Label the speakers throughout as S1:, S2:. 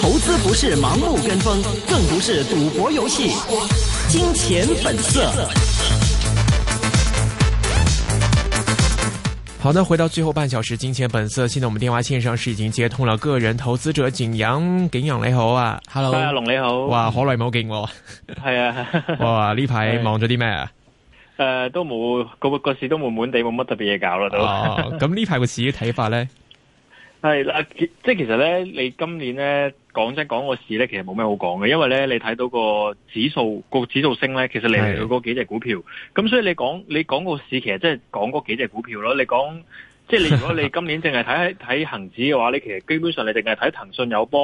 S1: 投資不是盲目跟風，更不是賭博遊戲。金錢本
S2: 色。好的，回到最後半小時，金錢本色。現在我們電話線上是已經接通了個人投資者景揚，景揚你好啊，Hello，大家。龍你好，哇，好耐冇見我，係啊，哇，呢排忙咗啲咩啊？
S1: 誒、呃，都冇個個市都悶悶地，冇乜特別嘢搞啦、哦，都。 咁
S2: 呢排個市嘅睇法咧，
S1: 係即係其實咧，你今年咧講真講個市咧，其實冇咩好講嘅，因為咧你睇到個指數個指數升咧，其實你係嗰幾隻股票，咁所以你講你講個市，其實即係講嗰幾隻股票咯。你講即係你如果你今年淨係睇睇恒指嘅話， 你其實基本上你淨係睇騰訊友邦，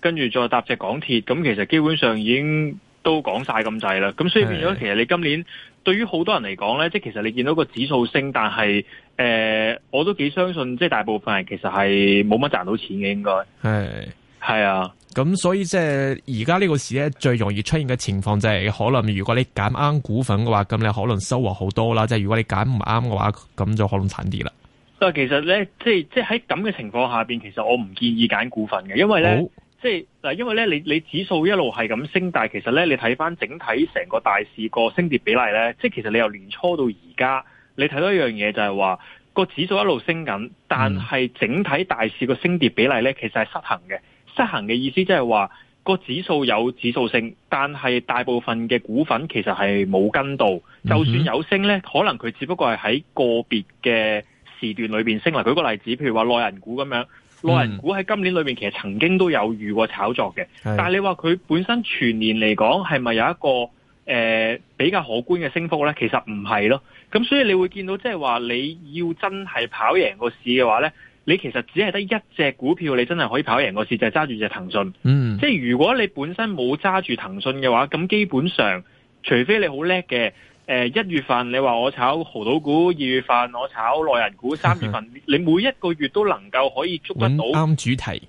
S1: 跟住再搭隻港鐵，咁其實基本上已經。都講晒咁滯啦，咁所以變咗其實你今年對於好多人嚟講呢，即係其實你見到個指數升，但係誒、呃，我都幾相信即係大部分人其實係冇乜賺到錢嘅，應該係係啊，
S2: 咁所以即係而家呢個市呢，最容易出現嘅情況就係可能如果你揀啱股份嘅話，咁你可能收穫好多啦，即係如果你揀唔啱嘅話，咁就可能慘啲啦。
S1: 不過，其實呢，即係即係喺咁嘅情況下邊，其實我唔建議揀股份嘅，因為呢。即係嗱，因為咧，你你指數一路係咁升，但係其實咧，你睇翻整體成個大市個升跌比例咧，即係其實你由年初到而家，你睇到一樣嘢就係話個指數一路升緊，但係整體大市個升跌比例咧，其實係失衡嘅。失衡嘅意思即係話個指數有指數升，但係大部分嘅股份其實係冇跟到，就算有升咧，可能佢只不過係喺個別嘅時段裏面升。嚟舉個例子，譬如話內銀股咁樣。老人股喺今年裏面其實曾經都有遇過炒作嘅、嗯，但係你話佢本身全年嚟講係咪有一個誒、呃、比較可觀嘅升幅呢？其實唔係咯，咁所以你會見到即係話你要真係跑贏個市嘅話呢，你其實只係得一隻股票你真係可以跑贏個市，就係揸住隻騰訊。嗯，即係如果你本身冇揸住騰訊嘅話，咁基本上除非你好叻嘅。誒、呃，一月份你話我炒濠賭股，二月份我炒內銀股，三月份你每一個月都能夠可以捉得到啱主題，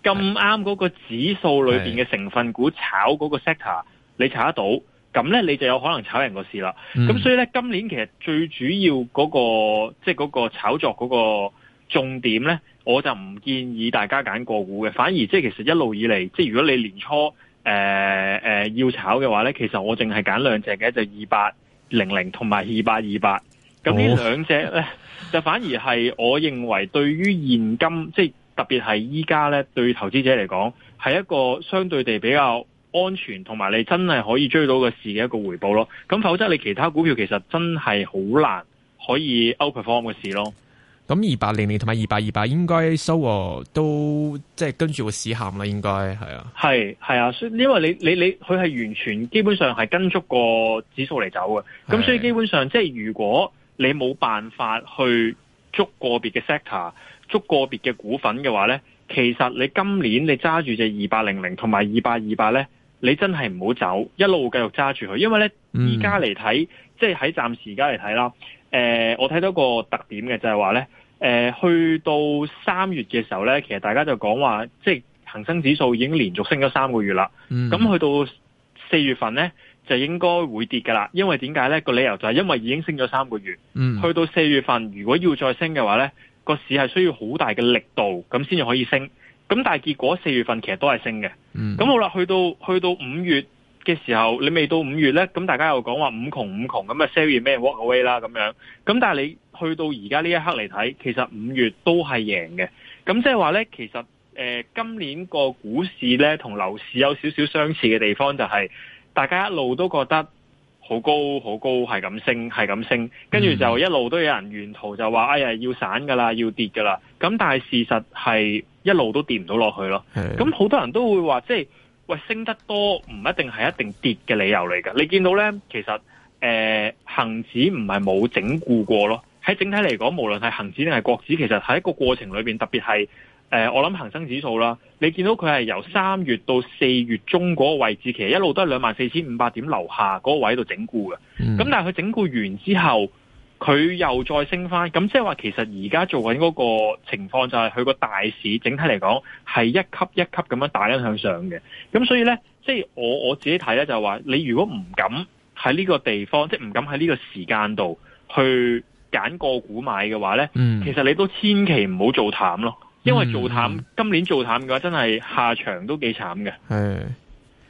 S1: 咁啱嗰個指數裏邊嘅成分股炒嗰個 sector，你炒得到，咁呢，你就有可能炒人個市啦。咁、嗯、所以呢，今年其實最主要嗰、那個，即、就、係、是、個炒作嗰個重點呢，我就唔建議大家揀過股嘅，反而即係其實一路以嚟，即係如果你年初誒誒、呃呃、要炒嘅話呢，其實我淨係揀兩隻嘅，就二八。零零同埋二八二八，
S2: 咁呢兩
S1: 隻呢、oh.，就反而係，我認為對於現今即係特別係依家呢，對投資者嚟講，係一個相對地比較安全同埋你真係可以追到嘅市嘅一個回報咯。
S2: 咁否則你其他股票其實真係好難可以 outperform 嘅市咯。咁二八零零同埋二八二八應該收都即係跟住會市陷啦，應該係啊
S1: 係，係係啊，所以因為你你你佢係完全基本上係跟足個指數嚟走嘅，咁所以基本上即係如果你冇辦法去捉個別嘅 sector，捉個別嘅股份嘅話咧，其實你今年你揸住隻二八零零同埋二八二八咧，你真係唔好走，一路繼續揸住佢，因為咧而家嚟睇，嗯、即係喺暫時而家嚟睇啦，誒、呃，我睇到一個特點嘅就係話咧。誒、呃，去到三月嘅時候咧，其實大家就講話，即係恒生指數已經連續升咗三個月啦。咁、嗯、去到四月份咧，就應該會跌噶啦。因為點解咧？個理由就係因為已經升咗三個月，嗯、去到四月份如果要再升嘅話咧，個市係需要好大嘅力度，咁先至可以升。咁但係結果四月份其實都係升嘅。咁、嗯、好啦，去到去到五月嘅時候，你未到五月咧，咁大家又講話五窮五窮，咁啊 sell 咩 walk away 啦咁樣。咁但係你。去到而家呢一刻嚟睇，其實五月都係贏嘅。咁即係話呢，其實誒、呃、今年個股市呢，同樓市有少少相似嘅地方，就係，就係大家一路都覺得好高好高，係咁升，係咁升，跟住就一路都有人沿途就話：哎呀，要散㗎喇，要跌㗎喇。咁但係事實係一路都跌唔到落去咯。咁好多人都會話：即係喂，升得多唔一定係一定跌嘅理由嚟㗎。你見到呢，其實誒呃恆指唔係冇整固過咯。喺整體嚟講，無論係恒指定係國指，其實喺一個過程裏邊，特別係誒、呃，我諗恒生指數啦，你見到佢係由三月到四月中嗰個位置，其實一路都係兩萬四千五百點樓下嗰個位度整固嘅。咁、嗯、但係佢整固完之後，佢又再升翻。咁即係話，其實而家做緊嗰個情況就係佢個大市整體嚟講係一級一級咁樣打緊向上嘅。咁所以呢，即係我我自己睇呢，就係話你如果唔敢喺呢個地方，即係唔敢喺呢個時間度去。揀個股買嘅話咧，其實你都千祈唔好做淡咯，因為做淡今年做淡嘅話，真係下場都幾慘嘅。係，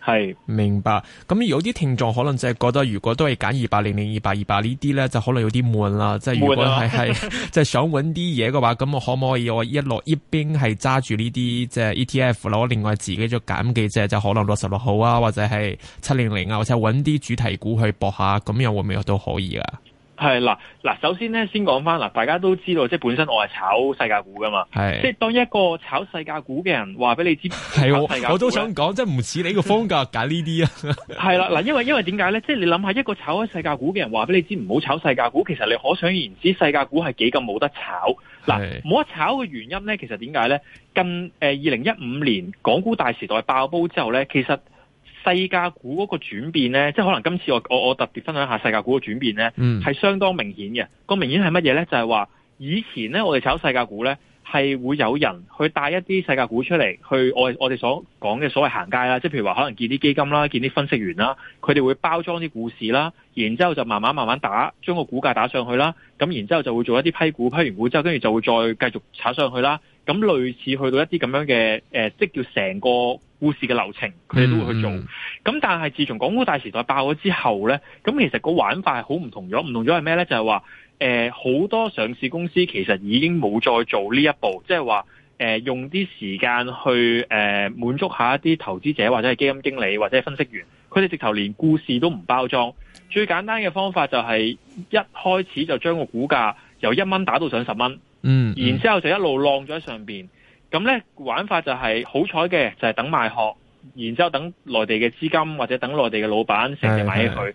S2: 係明白。咁有啲聽眾可能就係覺得，如果都係揀二八零零、二八二八呢啲咧，就可能有啲悶啦。即、就、係、係、如果係係，即係、啊就係、想揾啲嘢嘅話，咁我可唔可以我一落一邊係揸住呢啲即係 E T F 啦，我另外自己就揀幾隻，即係就可能六十六號啊，或者係七零零啊，或者揾啲主題股去搏下，咁樣會唔會都可以啊？
S1: 係啦，嗱，首先咧，先講翻啦，大家都知道，即係本身
S2: 我係炒世界股噶嘛，係，即係
S1: 當一個炒世界股嘅人，話俾你知，係我我都想
S2: 講，即係唔似你個風格揀呢啲啊。係啦，嗱， 因
S1: 為因為點解咧？即係你諗下，一個炒世界股嘅人話俾你知唔好炒世界股，其實你可想而知，世界股係幾咁冇得炒。嗱，啊，冇得炒嘅原因咧，其實點解咧？近誒二零一五年港股大時代爆煲之後咧，其實。世界股嗰個轉變咧，即係可能今次我我我特別分享一下世界股嘅轉變咧，係、嗯、相當明顯嘅。個明顯係乜嘢咧？就係、是、話以前咧，我哋炒世界股咧係會有人去帶一啲世界股出嚟去我我哋所講嘅所謂行街啦，即係譬如話可能見啲基金啦、見啲分析員啦，佢哋會包裝啲故事啦，然之後就慢慢慢慢打，將個股價打上去啦。咁然之後就會做一啲批股，批完股之後，跟住就會再繼續炒上去啦。咁類似去到一啲咁樣嘅、呃、即叫成個。故事嘅流程佢哋都會去做，咁但係自從港股大時代爆咗之後咧，咁其實個玩法係好唔同咗，唔同咗係咩咧？就係話誒好多上市公司其實已經冇再做呢一步，即係話誒用啲時間去誒滿足下一啲投資者或者係基金經理或者係分析員，佢哋直頭連故事都唔包裝，最簡單嘅方法就係一開始就將個股價由一蚊打到上十蚊，嗯，
S2: 嗯，然之
S1: 後就一路浪咗喺上邊。咁呢玩法就係好彩嘅，就係等賣殼，然之後等內地嘅資金或者等內地嘅老闆成日買起佢。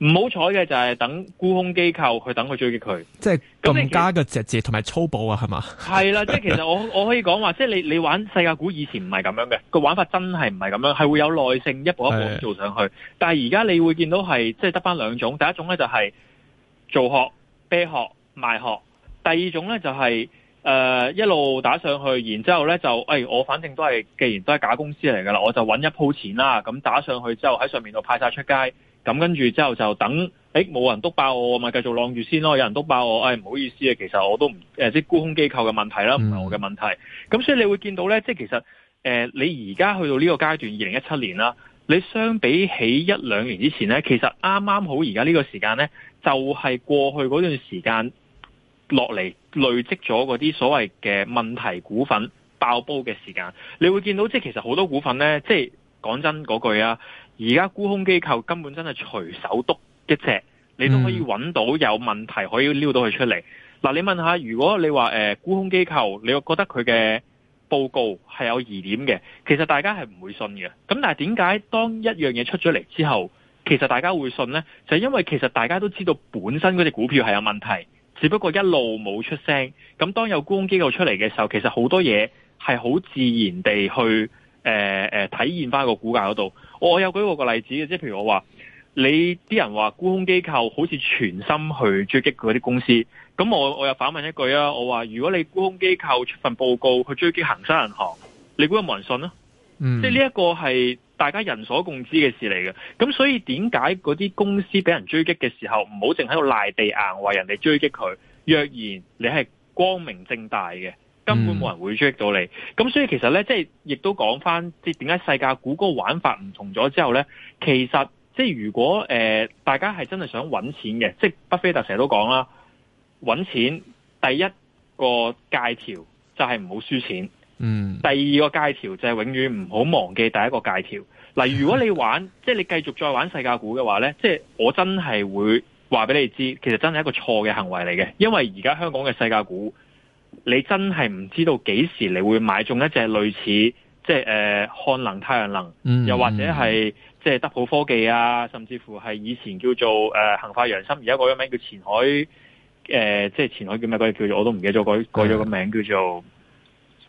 S1: 唔好彩嘅就係等沽空機構去等佢追擊佢，
S2: 即係更加嘅直接同埋粗暴啊，係嘛？
S1: 係啦， 即係其實我我可以講話，即係你你玩世界股以前唔係咁樣嘅，個玩法真係唔係咁樣，係會有耐性一步一步做上去。 但係而家你會見到係即係得翻兩種，第一種呢、就是，就係做殼、啤殼、賣殼，第二種呢、就是，就係。誒、呃、一路打上去，然之後呢，就誒、哎，我反正都係，既然都係假公司嚟㗎啦，我就揾一鋪錢啦。咁打上去之後，喺上面度派晒出街。咁跟住之後就等誒，冇人篤爆我咪繼續晾住先咯。有人篤爆我，誒、哎、唔好意思啊，其實我都唔即啲沽空機構嘅問題啦，唔係我嘅問題。咁、嗯、所以你會見到呢，即其實誒、呃，你而家去到呢個階段，二零一七年啦，你相比起一兩年之前呢，其實啱啱好而家呢個時間呢，就係、是、過去嗰段時間。落嚟累積咗嗰啲所謂嘅問題股份爆煲嘅時間，你會見到即係其實好多股份呢，即係講真嗰句啊，而家沽空機構根本真係隨手篤一隻，你都可以揾到有問題可以撩到佢出嚟嗱。你問下，如果你話誒沽空機構，你又覺得佢嘅報告係有疑點嘅，其實大家係唔會信嘅。咁但係點解當一樣嘢出咗嚟之後，其實大家會信呢？就係因為其實大家都知道本身嗰隻股票係有問題。只不過一路冇出聲，咁當有沽空機構出嚟嘅時候，其實好多嘢係好自然地去誒誒、呃呃、體現翻個股價嗰度。我有舉過個例子嘅，即係譬如我話你啲人話沽空機構好似全心去追擊嗰啲公司，咁我我又反問一句啊，我話如果你沽空機構出份報告去追擊恒生銀行，你估有冇人信啊、嗯？即係呢一個係。大家人所共知嘅事嚟嘅，咁所以點解嗰啲公司俾人追擊嘅時候，唔好淨喺度賴地硬話人哋追擊佢。若然你係光明正大嘅，根本冇人會追擊到你。咁、嗯、所以其實咧，即係亦都講翻，即係點解世界古嗰玩法唔同咗之後咧，其實即係如果誒、呃、大家係真係想揾錢嘅，即係巴菲特成日都講啦，揾錢第一個界條就係唔好輸錢。嗯，第二個戒條就係永遠唔好忘記第一個戒條。嗱，如果你玩即係你繼續再玩細價股嘅話呢，即係我真係會話俾你知，其實真係一個錯嘅行為嚟嘅。因為而家香港嘅細價股，你真係唔知道幾時你會買中一隻類似即係誒漢能太陽能，又或者係即係德普科技啊，甚至乎係以前叫做誒恒發洋參而家改咗名叫前海誒、呃，即係前海叫咩？嗰隻叫做我都唔記得咗改改咗個名叫做。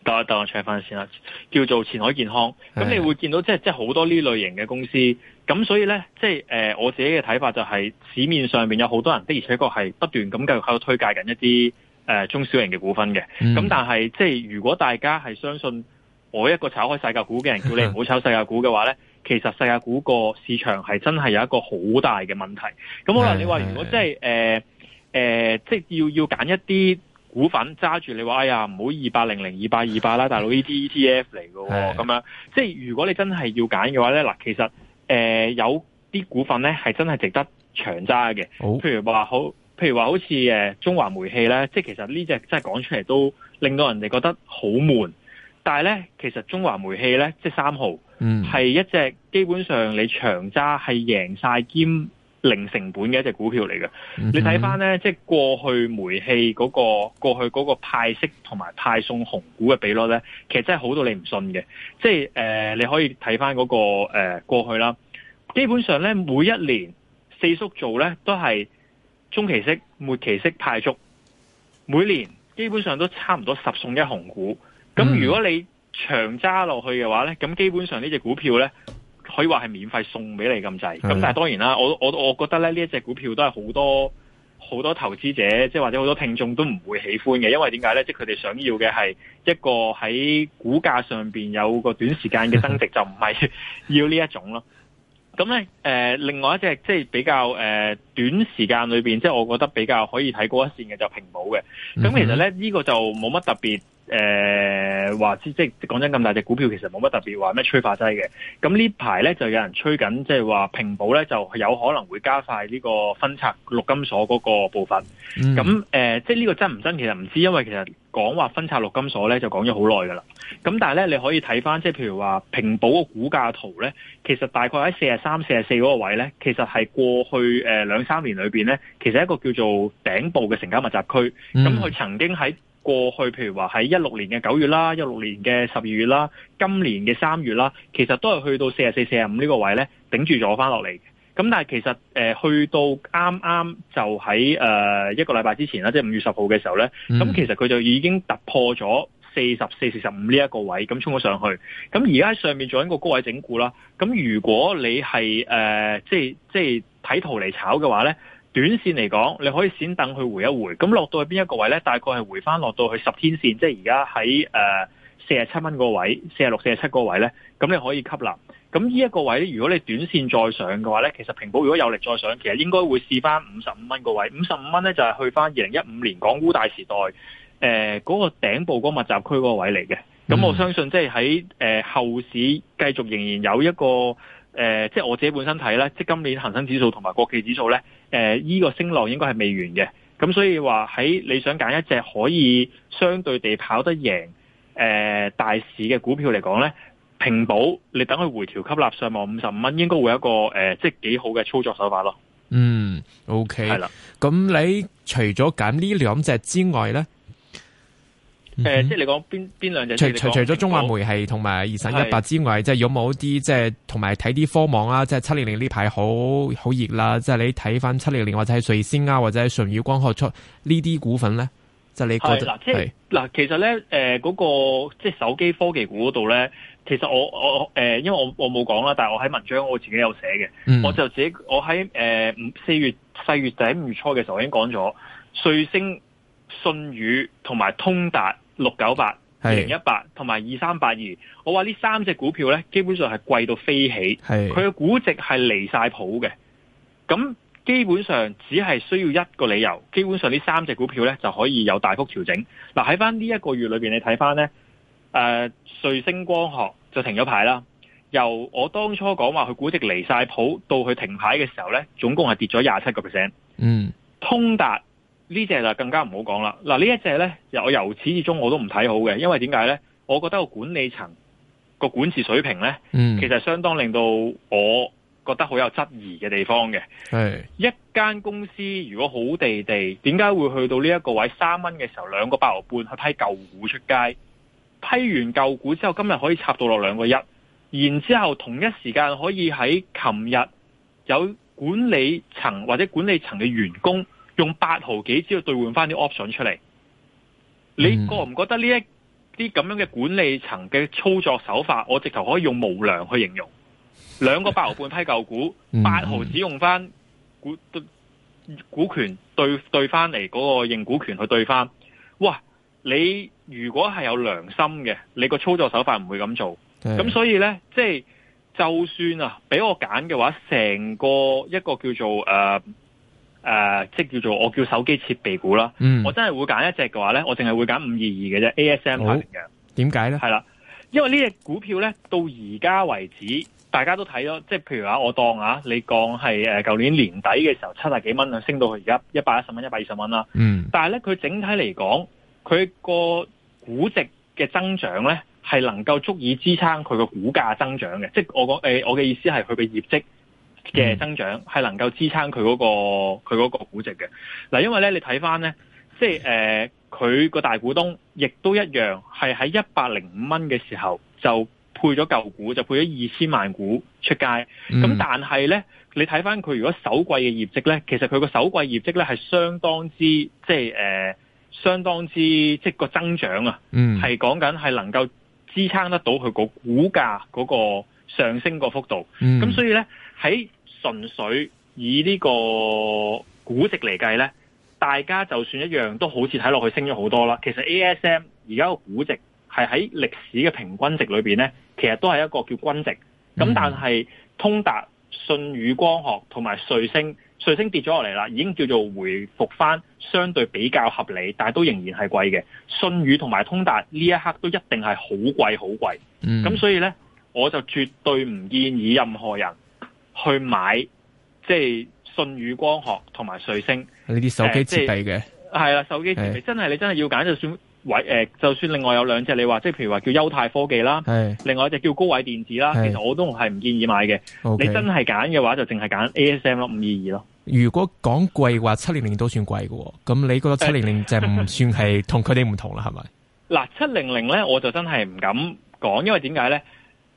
S1: 等，等我等我 check 翻先啦，叫做前海健康。咁你會見到即係即係好多呢類型嘅公司。咁所以咧，即係誒、呃、我自己嘅睇法就係、是、市面上面有好多人，的而且確係不斷咁繼續喺度推介緊一啲誒、呃、中小型嘅股份嘅。咁、嗯、但係即係如果大家係相信我一個炒開世界股嘅人，叫你唔好炒世界股嘅話咧， 其實世界股個市場係真係有一個好大嘅問題。咁好啦，你話如果即係誒、呃呃、即係要要揀一啲股份揸住，你話，哎呀，唔好二八零零二八二八啦，200, 200, 200, 200, 大佬呢啲 ETF 嚟嘅喎，咁樣即係如果你真係要揀嘅話呢，嗱其實誒、呃、有啲股份呢係真係值得長揸嘅、哦，譬如話好，譬如話好似中華煤氣呢，即係其實呢隻真係講出嚟都令到人哋覺得好悶，但係呢，其實中華煤氣呢，即係三號，係、嗯、一隻基本上你長揸係贏晒兼零成本嘅一隻股票嚟嘅，你睇返呢，即係過去煤氣嗰、嗰個過去嗰個派息同埋派送紅股嘅比率呢，其實真係好到你唔信嘅。即係誒、呃，你可以睇返嗰個誒、呃、過去啦，基本上呢，每一年四叔做呢都係中期息、末期息派足，每年基本上都差唔多十送一紅股。
S2: 咁、嗯、如果
S1: 你長揸落去嘅話呢，咁基本上呢隻股票呢。可以話係免費送俾你咁滯，咁但係當然啦，我我我覺得咧呢一隻股票都係好多好多投資者，即係或者好多聽眾都唔會喜歡嘅，因為點解咧？即係佢哋想要嘅係一個喺股價上邊有個短時間嘅增值，就唔係要呢一種咯。咁 咧，誒、呃，另外一隻即係比較誒、呃、短時間裏邊，即係我覺得比較可以睇過一線嘅就平保嘅。咁、嗯、其實咧呢、這個就冇乜特別。誒，話即、即講真，咁大隻股票其實冇乜特別話咩催化劑嘅。咁呢排咧就有人吹緊，即係話平保咧就有可能會加快呢個分拆陸金所嗰個部分。咁、嗯、誒，即係呢個真唔真其實唔知，因為其實講話分拆陸金所咧就講咗好耐噶啦。咁但係咧你可以睇翻，即係譬如話平保個股價圖咧，其實大概喺四十三、四十四嗰個位咧，其實係過去誒兩三年裏面咧，其實一個叫做頂部嘅成交密集區。咁佢曾經喺過去譬如話喺一六年嘅九月啦，一六年嘅十二月啦，今年嘅三月啦，其實都係去到四十四、四十五呢個位咧，頂住咗翻落嚟。咁但係其實誒，去到啱啱就喺誒一個禮拜之前啦，即係五月十號嘅時候咧，咁、嗯、其實佢就已經突破咗四十四、四十五呢一個位，咁衝咗上去。咁而家喺上面做緊個高位整固啦。咁如果你係誒，即係即係睇圖嚟炒嘅話咧。短線嚟講，你可以先等佢回一回，咁落到去邊一個位呢？大概係回翻落到去十天線，即係而家喺誒四十七蚊個位，四十六、四十七個位呢。咁你可以吸納。咁呢一個位咧，如果你短線再上嘅話呢，其實平保如果有力再上，其實應該會試翻五十五蚊個位。五十五蚊呢，就係去翻二零一五年港股大時代誒嗰、呃那個頂部嗰個密集區嗰個位嚟嘅。咁我相信即係喺誒後市繼續仍然有一個誒、呃，即係我自己本身睇呢，即係今年恒生指數同埋國企指數呢。誒、呃，依、這個升浪應該係未完嘅，咁所以話，喺你想揀一隻可以相對地跑得贏誒、呃、大市嘅股票嚟講呢，平保你等佢回調吸納上望五十五蚊，應該會有一個誒、呃、即係幾好嘅操作手法咯。嗯
S2: ，OK，係啦，咁你除咗揀呢兩隻之外呢？誒，即係
S1: 你講邊邊兩隻？除除咗
S2: 中華煤氣同埋二三一八之外，即係有冇啲即係同埋睇啲科網啊？即係七零零呢排好好熱啦！即係你睇翻七零零或者係瑞星啊，或者係順宇光學出呢啲股份咧？就你覺得係
S1: 嗱？其實咧，誒、呃，嗰、那個即係手機科技股嗰度咧，其實我我誒、呃，因為我我冇講啦，但係我喺文章我自己有寫嘅、嗯，我就自己我喺誒五四月四月底五月初嘅時候已經講咗瑞星、順宇同埋通達。六九八、
S2: 零一
S1: 八同埋二三八二，我話呢三隻股票呢，基本上係貴到飛起，佢嘅估值係離晒譜嘅。咁基本上只係需要一個理由，基本上呢三隻股票呢就可以有大幅調整。嗱、啊，喺翻呢一個月裏邊，你睇翻呢，誒瑞星光學就停咗牌啦。由我當初講話佢估值離晒譜，到佢停牌嘅時候呢，總共係跌咗廿七個
S2: percent。
S1: 通達。呢隻就更加唔好講啦。嗱，呢一隻呢，由我由始至終我都唔睇好嘅，因為點解呢？我覺得個管理層個管治水平呢，嗯、其實相當令到我覺得好有質疑嘅地方嘅。
S2: 係
S1: 一間公司如果好地地，點解會去到呢一個位三蚊嘅時候，兩個八毫半去批舊股出街，批完舊股之後，今日可以插到落兩個一，然之後同一時間可以喺琴日有管理層或者管理層嘅員工。用八毫幾只要兌換翻啲 option 出嚟，你覺唔覺得呢一啲咁樣嘅管理層嘅操作手法，我直頭可以用無良去形容？兩個八毫半批舊股，八毫只用翻股股權兌兌翻嚟嗰個認股權去對翻，哇！你如果係有良心嘅，你個操作手法唔會咁做。咁所以呢，即係就算啊，俾我揀嘅話，成個一個叫做誒。呃誒、呃，即係叫做我叫手機設備股啦。嗯，我真係會揀一隻嘅話咧，我淨係會揀五二二嘅啫。A S M 排名嘅，點解咧？係啦，因為呢隻股票咧到而家為止，大家都睇咗，即係譬如啊，我當啊，你講係誒，舊年年底嘅時候七十幾蚊升到去而家一百一十蚊、一百二十蚊啦。嗯。但係咧，佢整體嚟講，佢個估值嘅增長咧，係能夠足以支撐佢個股價增長嘅。即係我講誒、呃，我嘅意思係佢嘅業績。嘅增長係能夠支撐佢嗰個佢嗰個估值嘅。嗱，因為咧你睇翻咧，即係誒佢個大股東亦都一樣係喺一百零五蚊嘅時候就配咗舊股，就配咗二千萬股出街。
S2: 咁、嗯、但
S1: 係咧，你睇翻佢如果首季嘅業績咧，其實佢個首季業績咧係相當之即係誒、呃，相當之即係個增長啊，係講緊係能夠支撐得到佢個股價嗰、嗰個上升個幅度。咁、嗯、所以咧。喺純粹以呢個估值嚟計呢，大家就算一樣都好似睇落去升咗好多啦。其實 ASM 而家個估值係喺歷史嘅平均值裏面呢，呢其實都係一個叫均值。咁、嗯、但係通達、信宇光學同埋瑞星，瑞星跌咗落嚟啦，已經叫做回復翻相對比較合理，但係都仍然係貴嘅。信宇同埋通達呢一刻都一定係好貴好貴。咁、嗯、所以呢我就絕對唔建議任何人。去買即係信宇光學同埋瑞聲
S2: 呢啲手機設備嘅
S1: 係啦，手機設備真係你真係要揀，就算誒、呃，就算另外有兩隻，你話即係譬如話叫優泰科技啦，另外一隻叫高偉電子啦，其實我都係唔建議買嘅、okay。你真係揀嘅話，就淨係揀 ASM 咯，五二二咯。
S2: 如果講貴話，七零零、 呃，七零零都算貴喎。咁你覺得七零零就唔算係同佢哋唔同啦，係咪？
S1: 嗱，七零零咧，我就真係唔敢講，因為點解咧？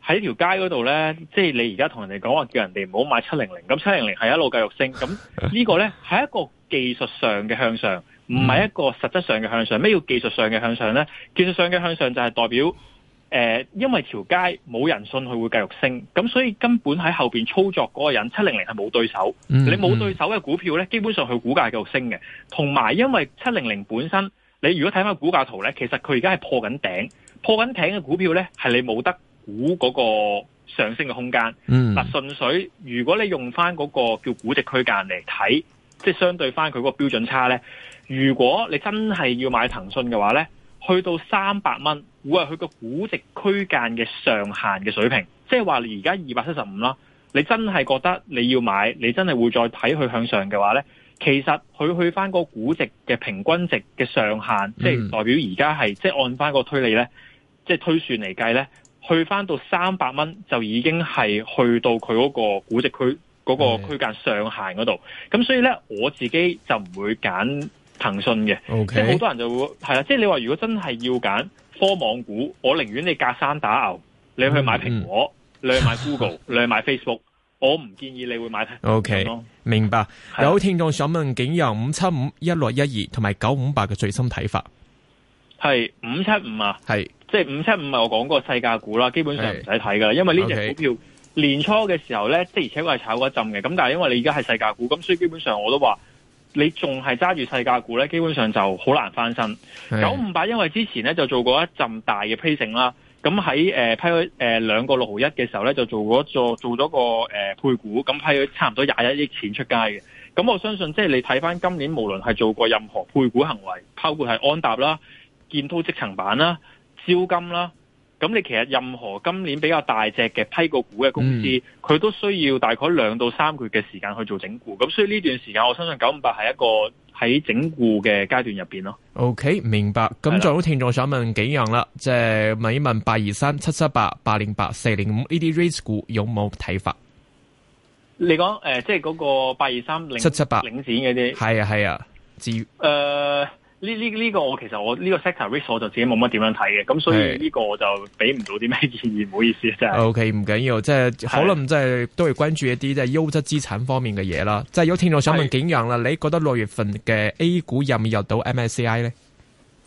S1: 喺條街嗰度呢，即係你而家同人哋講話叫人哋唔好買七零零。咁七零零係一路繼續升，咁呢個呢係一個技術上嘅向上，唔 係一個實質上嘅向上。咩叫技術上嘅向上呢？技術上嘅向上就係代表，誒、呃，因為條街冇人信佢會繼續升，咁所以根本喺後邊操作嗰個人七零零係冇對手， 你冇對手嘅股票呢，基本上佢股價係繼續升嘅。同埋因為七零零本身，你如果睇翻股價圖呢，其實佢而家係破緊頂，破緊頂嘅股票呢，係你冇得。估嗰個上升嘅空間，嗯，嗱純粹，如果你用翻嗰個叫估值區間嚟睇，即係相對翻佢個標準差咧。如果你真係要買騰訊嘅話咧，去到三百蚊，會係佢個估值區間嘅上限嘅水平，即係話而家二百七十五啦。你真係覺得你要買，你真係會再睇佢向上嘅話咧，其實佢去翻嗰個估值嘅平均值嘅上限，即係代表而家係即係按翻個推理咧，即係推算嚟計咧。去翻到三百蚊就已經係去到佢嗰個估值區嗰、嗰個區間上限嗰度，咁所以呢，我自己就唔會揀騰訊嘅。Okay. 即係好多人就會係啦，即係你話如果真係要揀科網股，我寧願你隔山打牛，你去買蘋果，嗯、你去買 Google， 你去買 Facebook，我唔建議你會買。O、okay, K，
S2: 明白。有聽眾想問景揚五七五一六一二同埋九五八嘅最新睇法，
S1: 係五七五啊，係。即係五七五，係我講嗰個世界股啦，基本上唔使睇噶啦，因為呢隻股票年初嘅時候咧，okay. 即而且我係炒過一浸嘅。咁但係因為你而家係世界股，咁所以基本上我都話你仲係揸住世界股咧，基本上就好難翻身。九五八，因為之前咧就做過一浸大嘅、啊呃、批升啦。咁喺誒批咗誒兩個六毫一嘅時候咧，就做咗做做咗個誒、呃、配股，咁、啊、批咗差唔多廿一億錢出街嘅。咁、啊、我相信即係你睇翻今年，無論係做過任何配股行為，包括係安踏啦、建滔積層板啦。燒金啦，咁你其實任何今年比較大隻嘅批個股嘅公司，佢、嗯、都需要大概兩到三個月嘅時間去做整固，咁所以呢段時間，我相信九五八係一個喺整固嘅階段入邊咯。
S2: OK，明白。咁在好聽眾想問景揚啦，即、就、係、是、問一問八二三七七八八零八四零五呢啲 REITs 股有冇睇法？
S1: 你講誒，即係嗰個八二三七七八領展嗰啲，係啊
S2: 係啊，至
S1: 於誒、呃。呢呢呢個我其實我呢個 sector risk 我就自己冇乜點樣睇嘅，咁所以呢個我就俾唔到啲咩建議，唔好意思啊，真係。OK，
S2: 唔緊要，即係可能即係都會關注一啲即係優質資產方面嘅嘢啦。即係有聽眾想問景揚啦，你覺得六月份嘅 A 股入唔入到 MSCI 咧？
S1: 誒、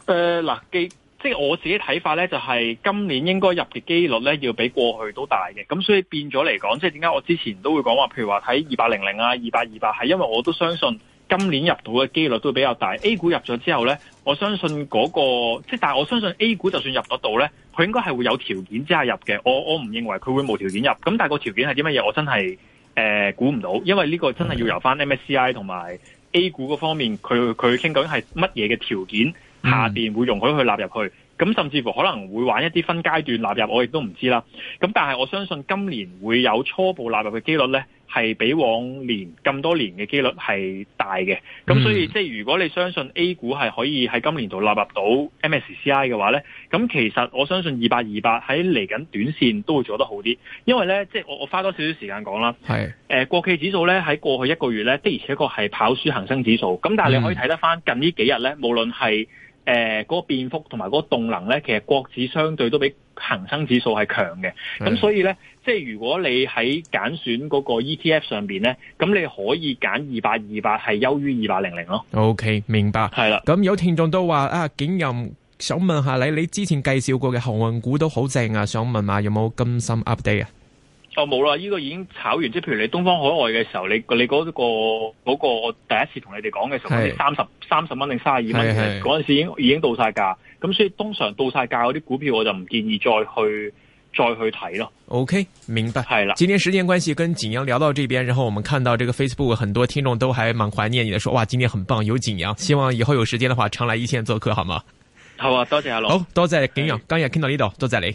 S1: 呃、嗱，機即係我自己睇法咧，就係今年應該入嘅機率咧，要比過去都大嘅。咁所以變咗嚟講，即係點解我之前都會講話，譬如話睇二百零零啊、二百二百，係因為我都相信。今年入到嘅機率都比較大，A 股入咗之後呢，我相信嗰、嗰個即係，但我相信 A 股就算入得到呢，佢應該係會有條件之下入嘅。我我唔認為佢會冇條件入，咁但個條件係啲乜嘢，我真係誒估唔到，因為呢個真係要由翻 MSCI 同埋 A 股嗰方面，佢佢傾究竟係乜嘢嘅條件下面會容許佢納入去，咁、嗯、甚至乎可能會玩一啲分階段納入，我亦都唔知啦。咁但係我相信今年會有初步納入嘅機率呢。係比往年咁多年嘅幾率係大嘅，咁、嗯、所以即係如果你相信 A 股係可以喺今年度納入到 MSCI 嘅話咧，咁其實我相信二八二八喺嚟緊短線都會做得好啲，因為咧即係我我花多少少時間講啦，係誒、呃、國企指數咧喺過去一個月咧的而且確係跑輸恒生指數，咁但係你可以睇得翻近呢幾日咧，無論係誒嗰個變幅同埋嗰個動能咧，其實國指相對都比恒生指數係強嘅，咁所以呢，即係如果你喺揀選嗰個 ETF 上邊呢，咁你可以揀二八二八係優於二八零零咯。
S2: OK，明白，係啦。咁有聽眾都話啊，景揚想問下你，你之前介紹過嘅航運股都好正啊，想問下有冇金心 update 啊？
S1: 就冇啦，呢、這個已經炒完，即係譬如你東方海外嘅時候，你你嗰、那個嗰、那個我第一次同你哋講嘅時候，三十三十蚊定卅二蚊，嗰陣時已經已經到晒價，咁所以通常到晒價嗰啲股票，我就唔建議再去再去睇咯。
S2: OK，明白係啦。今天時間關係，跟景揚聊到這邊，然後我們看到這個 Facebook，很多聽眾都還蠻懷念你的，說哇，今天很棒，有景揚，希望以後有時間的話，常來一線做客，好嗎？
S1: 好啊，多謝阿羅，好
S2: 多謝景揚，今日傾到呢度，多謝你。